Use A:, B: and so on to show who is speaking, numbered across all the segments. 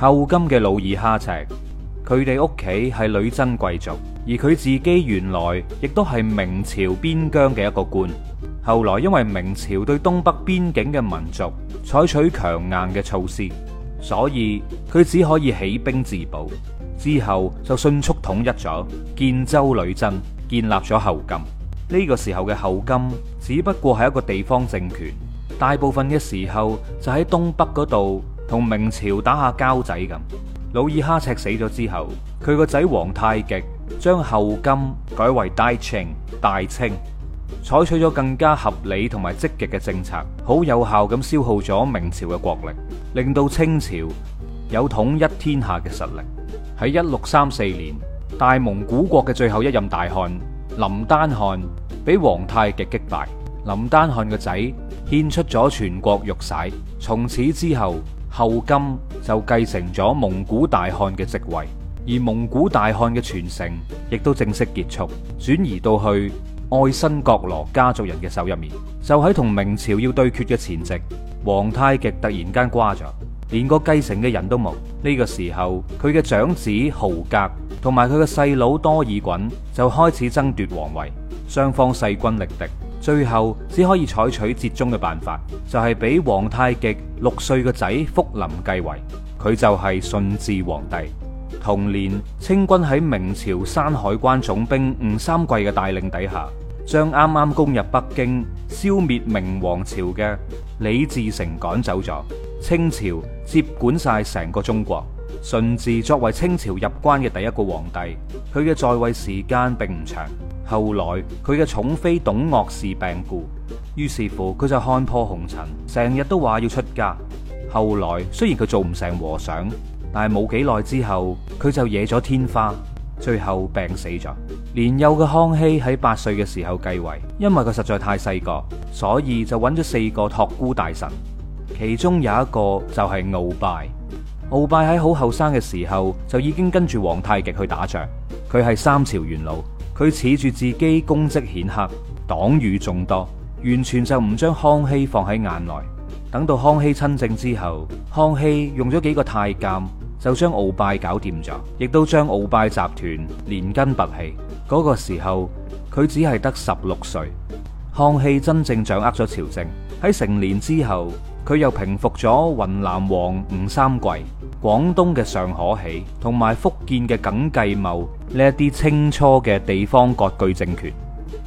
A: 後金嘅努爾哈赤，佢哋屋企係女真貴族，而佢自己原來亦都係明朝邊疆嘅一個官。後來因為明朝對東北邊境嘅民族採取強硬嘅措施，所以佢只可以起兵自保。之後就迅速統一咗建州女真，建立咗後金。呢個時候嘅後金只不過係一個地方政權，大部分嘅時候就喺東北嗰度。同明朝打下交仔，咁，努爾哈赤死咗之後，佢個仔皇太極將後金改為大清，大清採取咗更加合理同埋積極嘅政策，好有效咁消耗咗明朝嘅國力，令到清朝有統一天下嘅實力。喺一六三四年，大蒙古國嘅最後一任大汗林丹汗俾皇太極擊敗，林丹汗嘅仔獻出咗全國玉璽，從此之後，後金就繼承咗蒙古大汗嘅職位，而蒙古大汗嘅傳承亦都正式結束，轉移到去愛新覺羅家族人嘅手入面。就喺同明朝要對決嘅前夕，皇太極突然間掛咗，連個繼承嘅人都冇。呢、這個時候，佢嘅長子豪格同埋佢嘅細佬多爾袞就開始爭奪皇位，雙方勢均力敵。最後只可以採取折中嘅辦法，就係、是、俾皇太極六歲個仔福臨繼位，佢就係順治皇帝。同年，清軍喺明朝山海關總兵吳三桂嘅帶領底下，將啱啱攻入北京，消滅明王朝嘅李自成趕走咗，清朝接管晒成個中國。順治作為清朝入關嘅第一個皇帝，佢嘅在位時間並唔長。後來佢嘅寵妃董鄂氏病故，於是乎佢就看破紅塵，成日都話要出家。後來雖然佢做唔成和尚，但係冇幾耐之後佢就惹咗天花，最後病死咗。年幼嘅康熙喺八歲嘅時候繼位，因為佢實在太細個，所以就揾咗四個托孤大臣，其中有一個就係鰲拜。鰲拜喺好後生嘅時候就已經跟住皇太極去打仗，佢係三朝元老。佢恃住自己功績顯赫，黨羽眾多，完全就唔將康熙放喺眼內。等到康熙親政之後，康熙用咗幾個太監就將鰲拜搞掂咗，亦都將鰲拜集團連根拔起。嗰、那個時候佢只係得十六歲，康熙真正掌握咗朝政。喺成年之後，佢又平復咗雲南王吳三桂。廣東嘅尚可喜同埋福建嘅耿繼茂呢一啲清初嘅地方割據政權，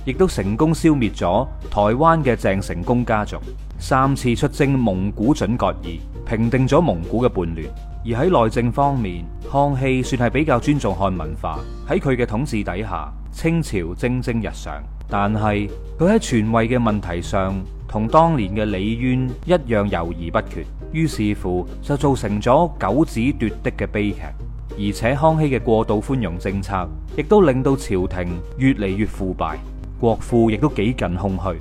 A: 亦都成功消滅咗台灣嘅鄭成功家族。三次出征蒙古準噶爾，平定咗蒙古嘅叛亂。而喺內政方面，康熙算係比較尊重漢文化。喺佢嘅統治底下，清朝蒸蒸日上。但係佢喺傳位嘅問題上，同當年嘅李淵一樣猶豫不決，於是乎就造成咗九子奪嫡嘅悲劇，而且康熙嘅過度寬容政策，亦都令到朝廷越嚟越腐敗，國庫亦都幾近空虛。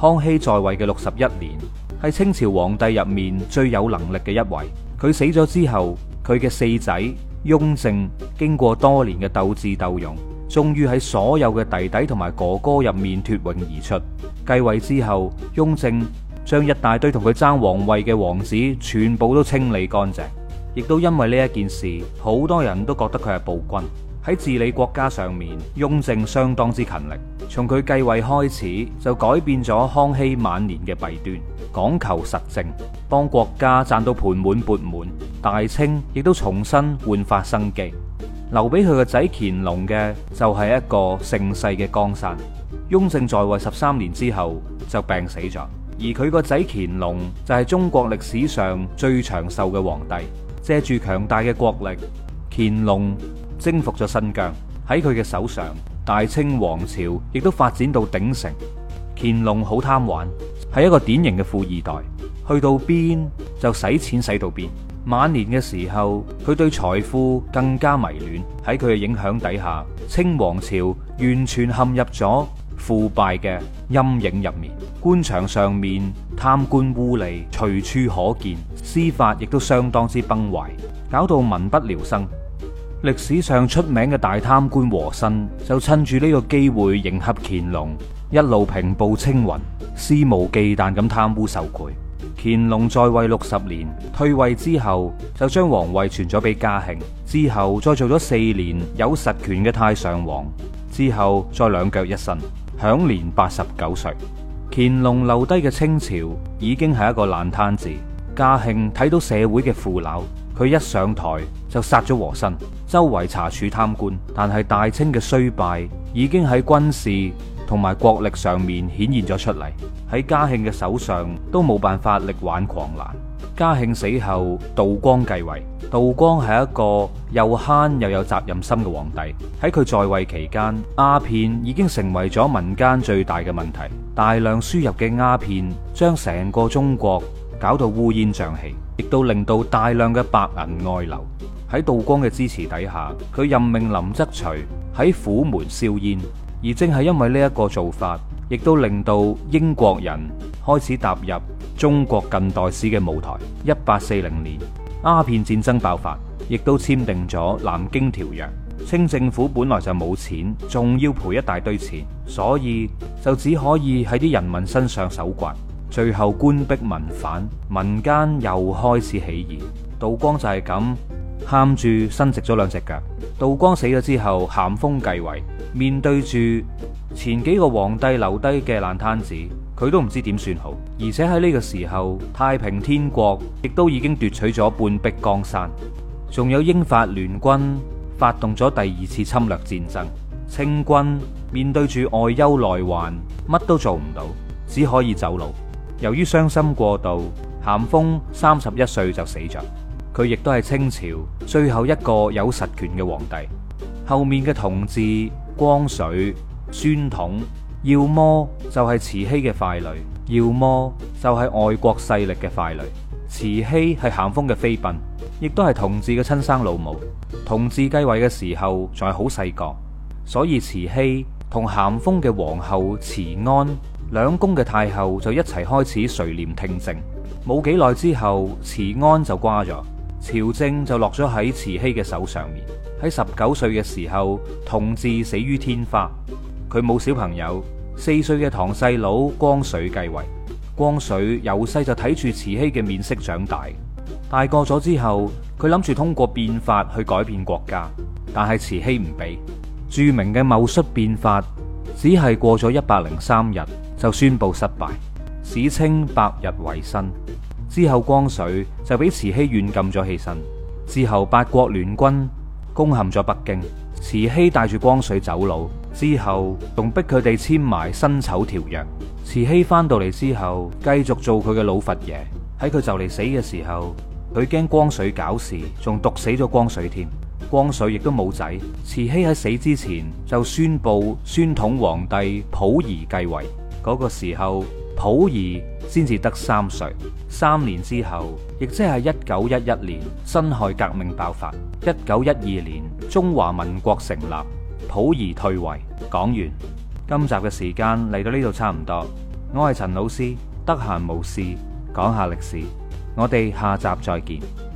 A: 康熙在位嘅六十一年，係清朝皇帝入面最有能力嘅一位。佢死咗之後，佢嘅四仔雍正經過多年嘅鬥智鬥勇。終於喺所有嘅弟弟同埋哥哥入面脫穎而出，繼位之後，雍正將一大堆同佢爭皇位嘅王子全部都清理乾淨，亦都因為呢一件事，好多人都覺得佢係暴君。喺治理國家上面，雍正相當之勤力，從佢繼位開始就改變咗康熙晚年嘅弊端，講求實政，幫國家賺到盆滿缽滿，大清亦都重新煥發生機。留俾佢個仔乾隆嘅就係一個盛世嘅江山。雍正在位十三年之後就病死咗，而佢個仔乾隆就係中國歷史上最長壽嘅皇帝。借住強大嘅國力，乾隆征服咗新疆，喺佢嘅手上，大清王朝亦都發展到鼎盛。乾隆好貪玩，係一個典型嘅富二代，去到邊就使錢使到邊。晚年嘅時候，佢對財富更加迷戀。喺佢嘅影響底下，清王朝完全陷入咗腐敗嘅陰影入面。官場上面，貪官污吏隨處可見，司法亦都相當之崩壞，搞到民不聊生。歷史上出名嘅大貪官和珅就趁住呢個機會迎合乾隆，一路平步青雲，肆無忌憚咁貪污受賄。乾隆在位六十年，退位之後就將皇位傳咗俾嘉慶，之後再做咗四年有實權嘅太上皇，之後再兩腳一伸，享年八十九歲。乾隆留低嘅清朝已經係一個爛攤子，嘉慶睇到社會嘅腐朽，佢一上台就殺咗和珅，周圍查處貪官，但係大清嘅衰敗已經喺軍事同埋國力上面顯現咗出嚟，喺嘉慶嘅手上都冇辦法力挽狂瀾。嘉慶死後，道光繼位。道光係一個又慳又有責任心嘅皇帝。喺佢在位期間，鴉片已經成為咗民間最大嘅問題。大量輸入嘅鴉片將成個中國搞到烏煙瘴氣，亦都令到大量嘅白銀外流。喺道光嘅支持底下，佢任命林則徐喺虎門銷煙。而正係因為呢一個做法，亦都令到英國人開始踏入中國近代史嘅舞台。一八四零年，鴉片戰爭爆發，亦都簽訂咗《南京條約》。清政府本來就冇錢，仲要賠一大堆錢，所以就只可以喺啲人民身上搜刮。最後官逼民反，民間又開始起義。道光就係咁。喊住伸直咗兩隻腳。道光死咗之後，咸豐繼位，面對住前幾個皇帝留低嘅爛攤子，佢都唔知點算好。而且喺呢個時候，太平天國亦都已經奪取咗半壁江山，仲有英法聯軍發動咗第二次侵略戰爭，清軍面對住外憂內患，乜都做唔到，只可以走路。由於傷心過度，咸豐三十一歲就死咗。佢亦都係清朝最後一個有實權嘅皇帝，後面嘅同治、光緒、宣統，要麼就係慈禧嘅傀儡，要麼就係外國勢力嘅傀儡。慈禧係咸豐嘅妃嬪，亦都係同治嘅親生老母。同治繼位嘅時候仲係好細個，所以慈禧同咸豐嘅皇后慈安兩宮嘅太后就一齊開始垂簾聽政。冇幾耐之後，慈安就瓜咗。朝政就落咗喺慈禧嘅手上面。喺十九歲嘅時候，同治死於天花。佢冇小朋友，四歲嘅堂細佬光緒繼位。光緒由細就睇住慈禧嘅面色長大。大個咗之後，佢諗住通過變法去改變國家，但係慈禧唔俾。著名嘅戊戌變法只係過咗一百零三日就宣布失敗，史稱百日維新。之後光緒就俾慈禧軟禁咗起身，之後八國聯軍攻陷咗北京，慈禧帶住光緒走佬，之後仲逼佢哋簽埋辛丑條約。慈禧翻到嚟之後，繼續做佢嘅老佛爺。喺佢就嚟死嘅時候，佢驚光緒搞事，仲毒死咗光緒添。光緒亦都冇仔。慈禧喺死之前就宣布宣統皇帝溥儀繼位。嗰、那個時候溥儀。先至得三歲，三年之後，亦即係一九一一年辛亥革命爆發，一九一二年中華民國成立，溥儀退位。講完，今集嘅時間嚟到呢度差唔多，我係陳老師，得閒無事講下歷史，我哋下集再見。